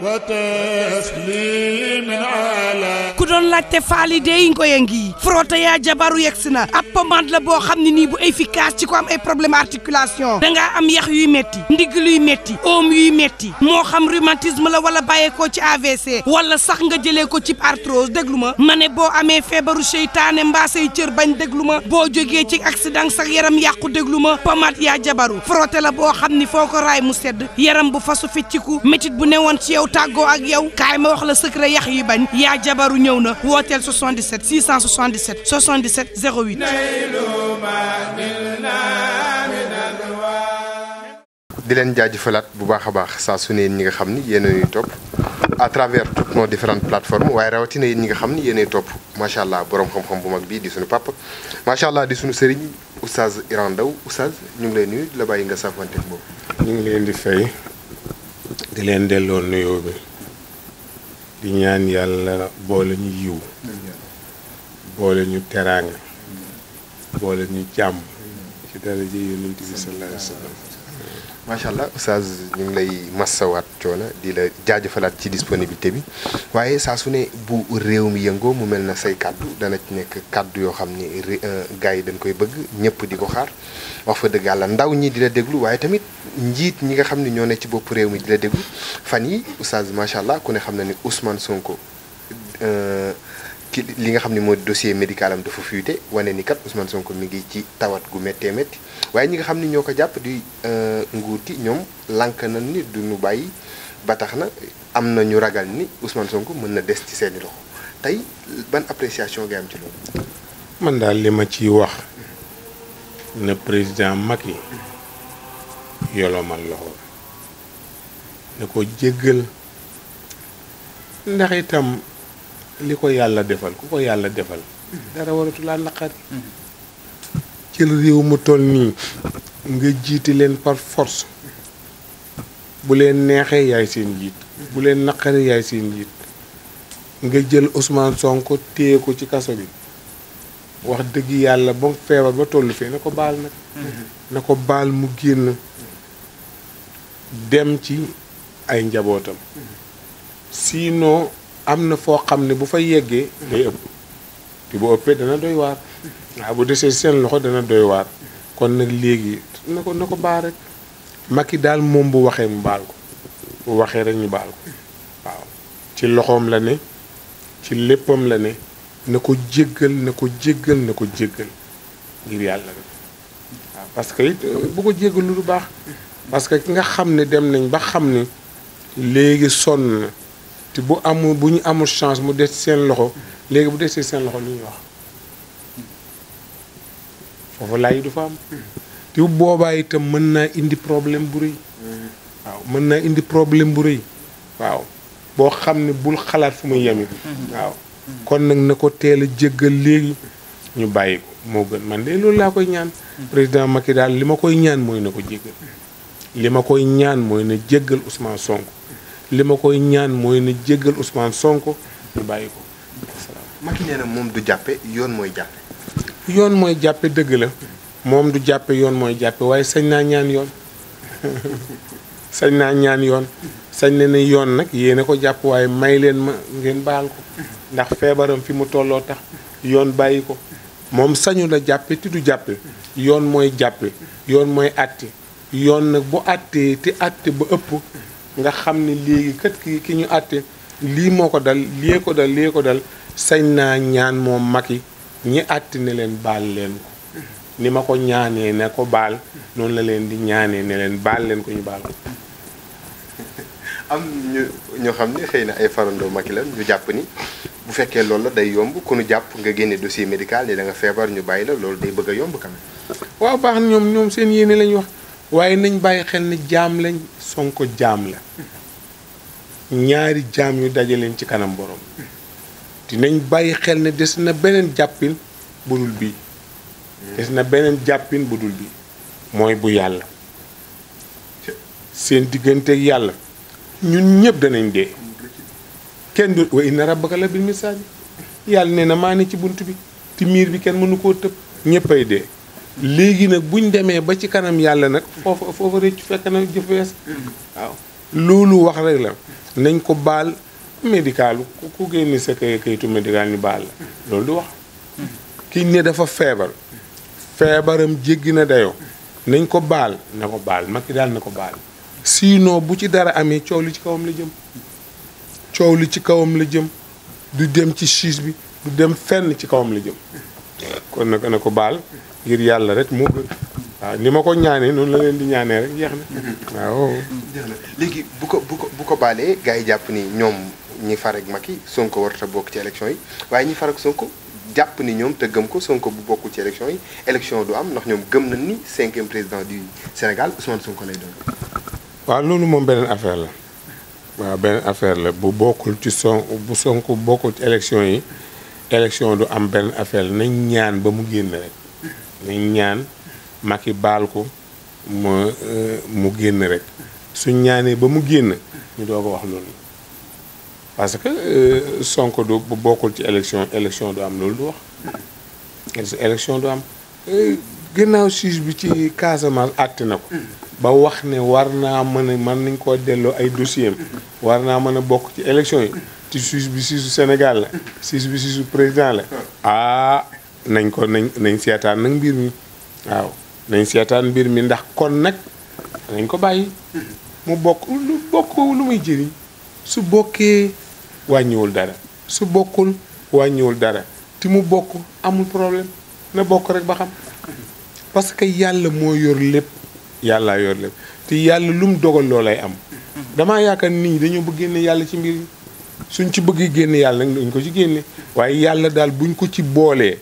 وتسليم على ngeen laajte faali dey ngoya ngi frotté yaa jabaru yegsi na ab pommade la boo xam ne nii bu efficace ci ko am ay problème articulation da ngaa am yax yuy metti ndigg luy metti oom yuy metti moo xam rhumatisme la wala bàyyeekoo ci AVC wala sax nga jëlee ko ci arthrose déglu ma ma ne boo amee feebaru seytaane mbaa say cër bañ déglu ma boo jógee ci accident sax yaram yàqu déglu ma pommade yaa jabaru frotté la boo xam ni foo ko raay mu sedd yaram bu fasu fecciku métit bu newoon ci yow tàggoo ak yow kaay ma wax la secret yax yi bañ yaa jabaru ñëw na hôtel 77 677 77 08. di leen jaajëfalaat bu baax a baax saa ñi nga ni ñuy topp à travers toutes nos différentes plateformes waaye rawatina yéen ñi nga xam ni yéen a topp macha allah borom xam-xam bu mag bii di sunu papa macha allah di sunu sëriñ oustaz Iran Ndao oustaz ñu ngi lay nuyu la nga boobu. ñu ngi leen di fay di leen bi. di ñaan yàlla boole ñu yiw boole ñu teraanga boole ñu jàmm ci daraja yonent bi sallallahu alayhi macha allah Oustaz ñu ngi lay massawaat coono di la jaajëfalaat ci disponibilité bi waaye saa su ne bu réew mi yëngoo mu mel na say kàddu dana nekk kàddu yoo xam ni euh, gars yi dañ koy bëgg ñëpp di ko xaar wax fa dëgg yàlla ndaw ñi di la déglu waaye tamit njiit ñi nga xam ne ñoo ne ci bopp réew mi di la déglu fan yi Oustaz macha allah ku ne xam na ni Ousmane ko ci li nga xamni ne dossier médical am dafa fuité wané ni kat Ousmane Sonko mi ngi ci tawat gu metté metti waye ñi nga xamni ñoko japp di euh, nguti nyom ñom lank nañ ni ñu bayyi ba taxna amna ñu ragal ni Ousmane Sonko mën na ci seen loxo tay ban appréciation gam ci lool man dal lima ci wax ne président Macky man loxo ne ko jéggel ndax itam li ko yàlla defal ku ko yàlla defal dara waratu laa naqari ci réew mu toll nii nga jiiti leen par force bu leen neexee yaay seen jiit bu leen naqari yaay seen jiit nga jël usmaan Sonko téye ko ci kaso bi wax dëgg yàlla ba feebar ba tollu fee na ko baal nag na ko baal mu génn dem ci ay njabootam sinon am na foo xam ne bu fa yeggee day ëpp te bu ëppee dana doy waar waaw bu desee seen loxo dana doy waar kon nag léegi na ko na ko baal rek yi daal moom bu waxee mu baal ko bu waxee rek ñu baal ko waaw ci loxoom la ne ci léppam la ne na ko jéggal na ko jéggal na ko jéggal ngir que euh, bu ko jéggalu lu baax parce que ki nga xam ne dem nañ ba xam ne léegi sonn na te bu amul bu ñu amul chance mu des seen loxo léegi bu desee seen loxo lu ñuy wax foofu laaj du fa am te bu boobaa mën naa indi problème bu rëy waaw mën naa indi problème bu waaw boo xam ne bul xalaat fu muy yem waaw kon nag na ko teel a jéggal léegi ñu bàyyi ko moo gën man de loolu laa koy ñaan président Macky daal li ma koy ñaan mooy na ko jéggal li ma koy ñaan mooy na jéggal Ousmane sonk li ma koy ñaan mooy ni jéggal Ousmane Sonko ñu bàyyi ko. Macky nee na moom du jàppe yoon mooy jàppe. mooy jàppe dëgg la moom du jàppe yoon mooy jàppe waaye naa ñaan yoon sañ naa ñaan yoon sañ na yoon nag yéen ko jàpp may leen ma ngeen baal ko ndax feebaram fi mu tolloo tax yoon bàyyi ko moom sañu la jàppe ti du jàppe yoon mooy jàppe yoon mooy àtte yoon nag bu àttee te àtte ba ëpp nga xam ne léegi kat ki ki ñu àtte lii moo ko dal lii ko dal lii ko dal sañ naa ñaan moom yi ñi àtte ne leen baal leen ko ni ma ko ñaanee ne ko baal noonu la leen di ñaanee ne leen baal leen ko ñu baal ko. am ñu ñoo xam ne xëy na ay farandoo Macky la ñu jàpp ni bu fekkee loolu la day yomb ku ñu jàpp nga génne dossier médical ni da nga feebar ñu bàyyi la loolu day bëgg a yomb quand waaw baax ñoom ñoom seen yéene lañ wax waaye nañ bàyyi xel ne jaam lañ. sonk jaam la ñaari jaam yu daje leen ci kanam boroom dinañ bàyyi xel ne des na beneen jàppin budul bii des na beneen jàppin budul bii mooy bu yàlla seen diggante yàlla ñun ñëpp danañ dee kenn du wa inna rabbaka la bil yàlla ne na maa ne ci bunt bi ti miir bi kenn mënu koo tëb ñëppay dee léegi nag buñ demee ba ci kanam yàlla nag foofa foofa rëcc fekk na jëf wees waaw loolu wax rek la nañ ko baal médicalu ku génne kayitu médical baal la wax kiñ ne dafa feebar feebaram jéggi na dayoo nañ ko baal na ko baal Macky daal na ko baal sinon bu ci dara amee coow lu ci kawam la jëm coow li ci kawam la jëm du dem ci siis bi du dem fenn ci kawam la jëm kon na ko baal ngir yalla rek mo gën ni mako ñaané non la leen di ñaané rek jeex na waaw. jeex na bu ko bu ko balé gaay japp ni ñom ñi far ak Macky Sonko warut a bokk ci élection yi waye ñi far ak Sonko japp ni ñom te gëm ko Sonko bu bokkul ci élection yi élection du am ndax ñom gëm nañ ni 5e président du Sénégal Ousmane Sonko lay doon. waaw lolu moom benen affaire la waaw benen affaire la bu bokul ci son bu Sonko bokul ci élection yi élection du am benen affaire la nañ ñaan ba mu génn rek. ñaan ñaan Macky baal ko ma euh, mu génn rek suñ ñaanee ba mu génn ñu doo ko wax loolu parce que euh, Sonko du bu bokkul ci élection élection du am loolu du wax élection du am euh, gannaaw siis bi ci Casamance àtte na ko ba wax ne war naa mën a mën nañ koo delloo ay dossier war naa mën a bokk ci élection yi ci siis bi siisu Sénégal la siis bi siisu président la ah nañ ko nañ nañ seetaan nag mbir mi waaw nañ seetaan mbir mi ndax kon nag nañ ko bàyyi mu bokk lu bokk lu muy jëriñ su bokkee wàññiwul dara su bokkul wàññiwul dara ti mu bokk amul problème na bokk rek ba xam parce que yàlla moo yor lépp yàllaa yor lépp te yàlla lu mu dogal loo lay am damaa yaakaar nit ñi dañoo bëgg génne yàlla ci mbir yi suñ ci bëggee génn yàlla nag dañ ko ci génne waaye yàlla daal buñ ko ci boolee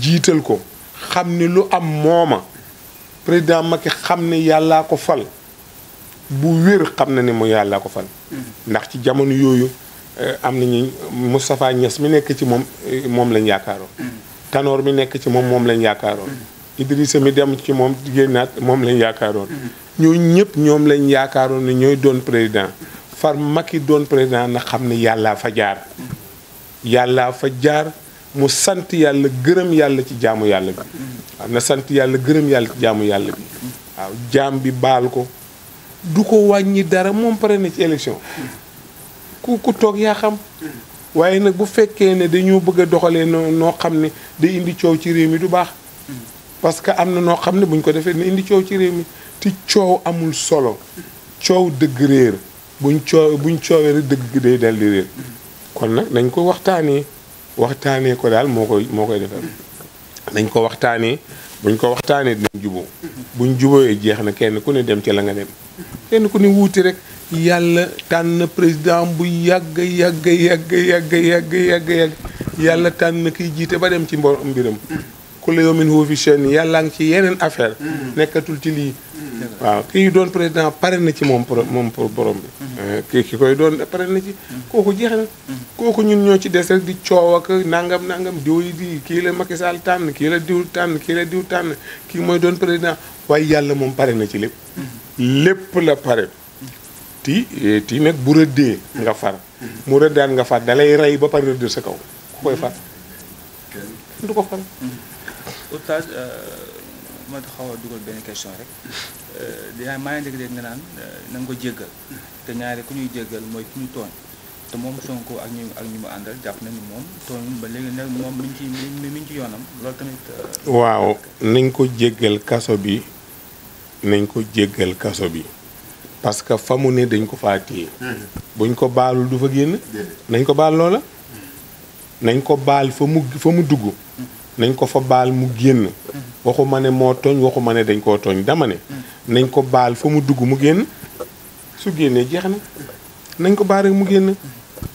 jiital ko xam ni lu am mooma président Macky xam ne yàllaa ko fal bu wér xam na ni mu yàllaa ko fal mm-hmm. ndax ci jamono yooyu eh, am nañu Moustapha ñas mi nekk ci moom eh, moom lañ yaakaaroon mm-hmm. Tanor mi nekk ci moom moom lañ yaakaaroon mm-hmm. Idrissa mi dem ci moom jigéen naat moom lañ yaakaaroon ñoo ñëpp ñoom lañ yaakaaroon ne ñooy doon président far Macky doon président na xam ne yàllaa fa jaar yàllaa fa jaar mu sant yàlla gërëm yàlla ci jaamu yàlla bi waaw na sant yàlla gërëm yàlla ci jaamu yàlla bi waaw jaam bi baal ko du ko wàññi dara moom pare na ci élection ku ku toog yaa xam waaye nag bu fekkee ne dañoo bëgg a doxalee noo noo xam ne day indi coow ci réew mi du baax parce que am na noo xam ne buñ ko defee ne indi coow ci réew mi te coow amul solo coow dëgg réer buñ coow buñ coowee rek dëgg day dal réer kon nag nañ ko waxtaanee waxtaanee ko daal moo koy moo koy defar dañ ko waxtaanee buñ ko waxtaanee dinañ jubo buñ jubooyee jeex na kenn ku ne dem ca la nga dem kenn ku ne wuuti rek yàlla tànn président bu yàgg yàgg yàgg yàgg yàgg yàgg yàlla tànn kiy jiite ba dem ci mbo mbiram ku la yomin huwa fi seen ngi ci yeneen affaire mm-hmm. nekkatul ci lii waaw kii doon président pare na ci moom moom pour borom bi Eh, kii ki koy doon pare na ci. kooku jeex kooku ñun ñoo ci des di coow ak nangam nangam diw yi di kii la Macky Sall tànn kii la diw tànn kii la tànn kii mooy doon président waaye yàlla moom pare na ci lépp. la pare. ti eh, ti nag bu rëddee nga far. mu rëddaan nga far dalay rey ba pare rëdd sa kaw ku koy far. du ko far. Euh, ma xaw a dugal benn question rek euh, dinaa maa ngi dégg nga naan euh, na ko jéggal te ñaare ku ñuy jéggal mooy ku ñu te moom Sonko ak ak ñu mu àndal jàpp nañu moom tooñ ba léegi nag moom mi ngi ci mi ngi ci yoonam loolu tamit. Euh, waaw nañ ko jéggal kaso bi nañ ko jéggal kaso bi parce que fa mu ne dañ ko fa téye. buñ ko baalul du fa génn. nañ ko baal loola. Mm. nañ ko baal fa mu fa mu dugg. Mm. nañ ko fa baal mu génn waxuma ne moo tooñ waxuma ne dañ koo tooñ dama ne nañ ko baal fa mu dugg mu génn su génnee jeex na nañ ko baal rek mu génn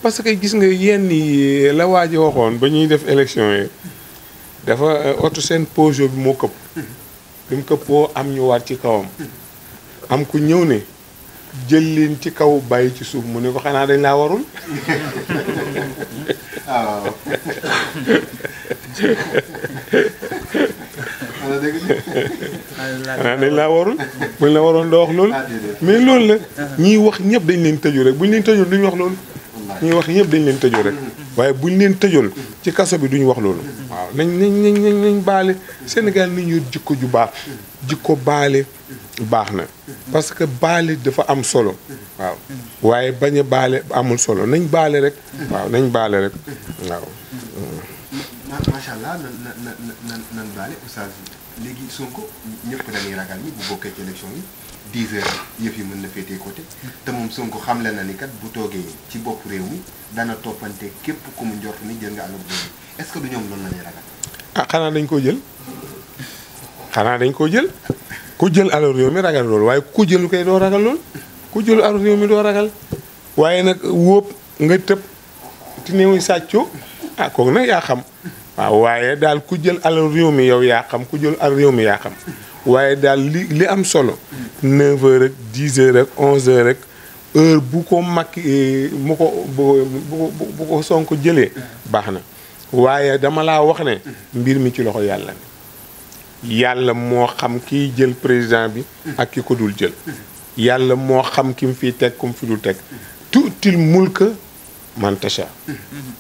parce que gis nga yenn yi la waa ji waxoon ba ñuy def élection yi dafa euh, oto seen Peugeot bi moo këpp bi mu këppoo am ñu war ci kawam am ku ñëw ne jël leen ci kaw bàyyi ci suuf mu ne ko xanaa dañ laa warul Oh. waaw xanaa laa warul buñ la waroon doo wax loolu mais loolu la uh-huh. ñiy wax ñëpp dañ leen tëju rek buñ leen tëjoon duñ wax loolu ñuy wax ñëpp dañ leen tëju rek uh-huh. waaye buñ leen tëjoon ci kaso bi duñ wax loolu uh-huh. waaw nañ nañ nañ baale senegal ni ñu jikko ju baax jikko baale baax na parce que baale dafa am solo waaw waaye bañ a baale amul solo nañ baale rek. waaw nañ baale rek waaw. macha allah nan nan baale oustaz léegi Sonko ñëpp dañuy ragal ni bu bokkee ci élection yi 10 heures yëf yi mën na féetee côté te moom Sonko xamle na ni kat bu toogee ci bopp réew mi dana toppante képp ku mu njort ni jël nga alal réew mi est que du ñoom loolu la ragal. ah xanaa dañ koo jël xanaa dañ koo jël ku jël alal réew mi ragal loolu waaye ku jël kay doo ragal loolu. ku jël aru réew mi doo ragal waaye nag wóob nga tëb ti néew sàcco ah kooku nag yaa xam waaw waaye daal ku jël aru réew mi yow yaa xam ku jël aru réew mi yaa xam waaye daal li li am solo 9 heures ak 10 heures ak 11 heure bu ko makk mu ko bu ko Sonko jëlee baax na waaye dama laa wax ne mbir mi ci loxo yàlla yàlla moo xam kiy jël président bi ak ki ko dul jël yàlla moo xam kim mu teg ku mu fi dul teg tuutil mulka man tasha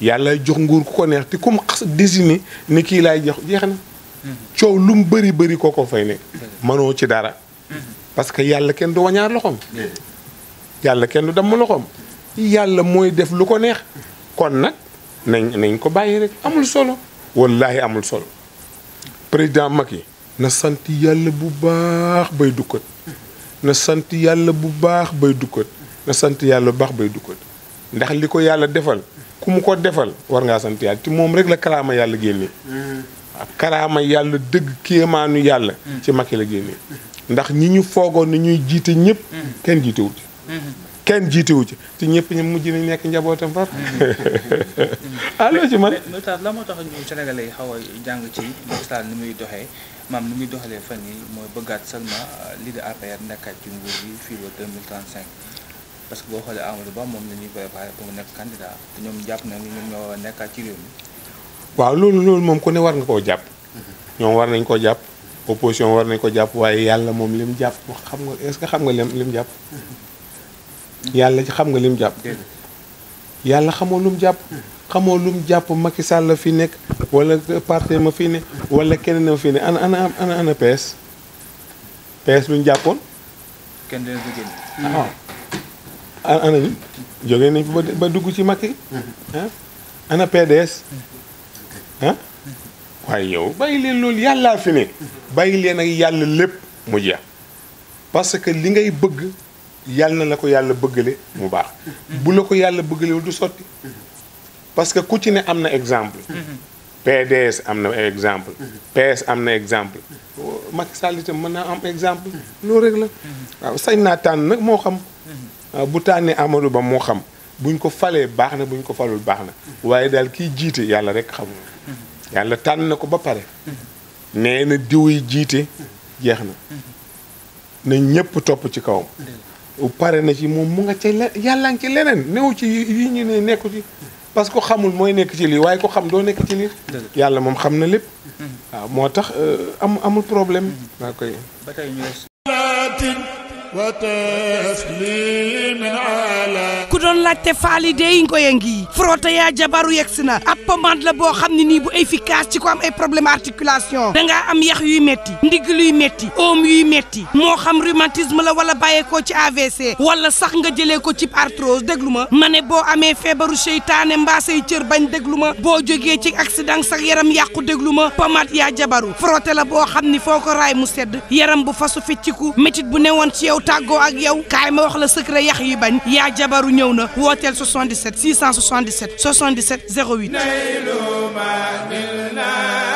yàlla jox nguur ku ko neex ti ku mu xas désigné ni kii laay jox jeex na coow lu mu bëri bëri koo ko fay nekk mënoo ci dara parce que yàlla kenn du wañaar loxoom yàlla kenn du damm loxoom yàlla mooy def lu ko neex kon nag nañ nañ ko bàyyi rek amul solo wallaahi amul solo président Macky na sant yàlla bu baax bay dukkat na sant yàlla bu baax bay dukkat na sant yàlla bu baax bay dukkat ndax li ko yàlla defal ku mu ko defal war ngaa sant yàlla ci moom rek la karaama yàlla génnee mm-hmm. karaama yàlla dëgg kéemaanu yàlla mm-hmm. ci Macky la génnee ndax ñi ñu foogoon ni ñuy jiite ñëpp mm-hmm. kenn jiitewu ci kenn jiitewu ci te ñëpp ñu mujj nañ nekk njabootam far allo ci man lu tax la moo tax ñu Sénégalais yi xaw a jàng ci ni muy doxee maam ni muy doxalee fan yi mooy bëggaat seulement lii de APR nekkaat ci nguur gi fii ba 2035 parce que boo xoolee Amadou Ba moom la ñuy préparé pour mu nekk candidat te ñoom jàpp na ni ñoom ñoo war a nekkaat ci réew mi. waaw loolu loolu moom ku ne war nga koo jàpp. ñoom war nañ koo jàpp. opposition war nañ ko jàpp waaye yàlla moom lim jàpp xam nga est-ce que xam nga lim lim jàpp. yàlla xam nga lim jàpp. yàlla xamoo lu mu jàpp xamoo lu mu jàpp Macky Sall la fi nekk wala parti ma fi ne wala keneen ma fi ne ana ana ana ana PS PS jàppoon. kenn ah, ah. ana ñu jógee nañ fi ba dugg ci Macky mm-hmm. ah ana PDS mm-hmm. ah, waaye yow bàyyi leen loolu yàllaa fi ne mm-hmm. bàyyi leen ak yàlla lépp mu jeex parce que li ngay bëgg. yàlla na la ko yàlla bëggale mu baax bu la ko yàlla bëggalewul du sotti parce que ku ci ne am na exemple PDS am na exemple PS am na exemple Macky Sall mën naa am exemple loolu rek la waaw sañ naa tànn nag moo xam bu tànnee Amadou Ba moo xam buñ ko falee baax na buñ ko falul baax na waaye daal kiy jiite yàlla rek xamul yàlla tànn na ko ba pare nee na diw yi jiite jeex na na ñëpp topp ci kawam pare na ci moom mu nga ca le yàlla ci leneen néew ci yi ñu ne nekku ci parce que xamul mooy nekk ci lii waaye ko xam doo nekk ci lii yàlla moom xam na lépp mm-hmm. waaw moo tax euh, am amul problème maa mm-hmm. koy ku doon laajte faali dey ngoy a ngi frotté yaa jabaru yegsi na ab pommade la boo xam ne nii bu efficace ci ko am ay problème articulation da ngaa am yax yuy metti ndigg luy metti oom yuy metti moo xam rhumatisme la wala bàyyeekoo ci AVC wala sax nga jëlee ko ci arthrose déglu ma ma ne boo amee feebaru seytaane mbaa cër bañ déglu ma boo jógee ci accident sax yaram yàqu déglu ma pommade yaa jabaru frotté la boo xam ni foo ko raay mu sedd yaram bu fasu fecciku métit bu newoon ci yow tàggoo ak yow kaay ma wax la secret yax yi bañ yaa jabaru ñëw na wooteel 77 677 77 08